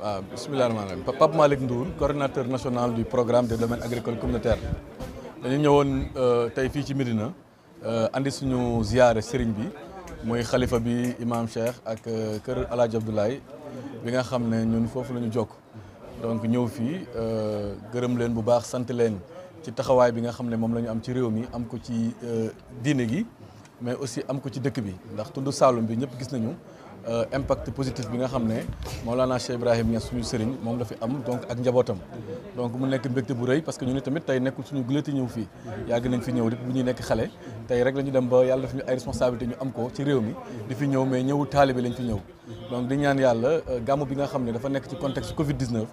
waaw ah, bisimilah rahmaani rahiim Pape Malick coordinateur national du programme des domaines agricoles communautaires dañu ñëwoon euh, tey fii ci Médina indi euh, suñu ziyaare sëriñ bi muy xalifa bi imam Cheikh ak euh, kër El Hadj bi nga xam ne ñun foofu la ñu jokk donc ñëw fii gërëm leen bu baax sant leen ci taxawaay bi nga xam ne moom la ñu am ci réew mi am ko ci diine gi mais aussi am ko ci dëkk bi ndax tund Saalum bi ñëpp gis nañu. Euh, impact positif bi nga xam ne Maolana Cheikh Ibrahim Niass suñu sëriñ moom la fi am donc ak njabootam donc mu nekk mbégte bu rëy parce que ñu tamit tey nekkul suñu guleti ñëw fii yàgg nañ fi ñëw depuis bu ñuy nekk xale tey rek la dem ba yàlla ñu ay ñu am ko ci réew mi di fi ñëw mais ñëwu taalibe lañ fi ñëw donc di ñaan yàlla euh, gàmmu bi nga xam ne dafa nekk ci contexte Covid 19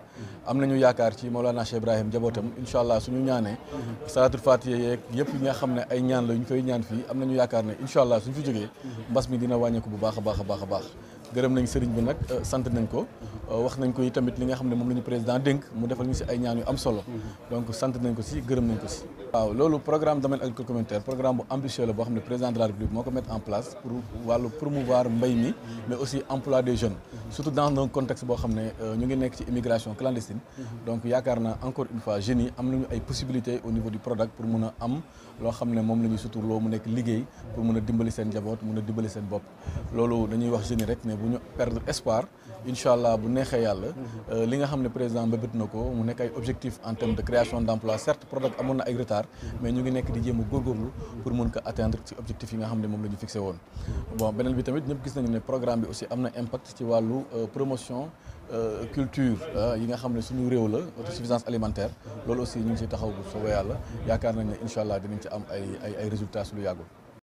am nañu yaakaar ci Maolana Cheikh Ibrahim jabootam incha allah suñu ñaanee salaatul fatiha yeeg yëpp yi nga xam ne ay ñaan la ñu koy ñaan fii am nañu yaakaar ne incha allah suñu fi jógee mbas mi dina wàññeeku bu baax a baax a baax a baax gërëm nañ sëriñ bi nag euh, sant nañ ko euh, wax nañ ko yi tamit li nga xam ne moom la ñu président dénk mu defal ñu si ay ñaan yu am solo donc sant nañ ko si gërëm nañ ko si waaw loolu programme domaine agricole communautaire programme bu ambitieux boo xam ne pour ne euh, ñu ngi nekk ci immigration clandestine donc yaakaar naa encore une fois mun a am loo xam ne moom la ñuy suturloo mu nekk liggéey pour mun a dimbali seen njaboot mun a dimbali seen bopp loolu dañuy wax jeunes rek bu ñu perdre espoir incha allah bu neexee yàlla euh, li nga xam ne président mbébét na ko mu nekk ay objectif en terme de création d' emploi certes Prodac amoon na ay retard mais ñu ngi nekk di jéem a góorgóorlu pour mën ko atteindre ci objectif yi nga xam ne moom la ñu fixé woon bon beneen bi tamit ñëpp gis nañu ne programme bi aussi am na impact ci wàllu euh, promotion euh, culture yi nga xam ne suñu réew la autosuffisance alimentaire loolu aussi ñu ngi si taxaw bu yàlla yaakaar nañ ne incha allah dinañ ci am ay ay ay lu yàggul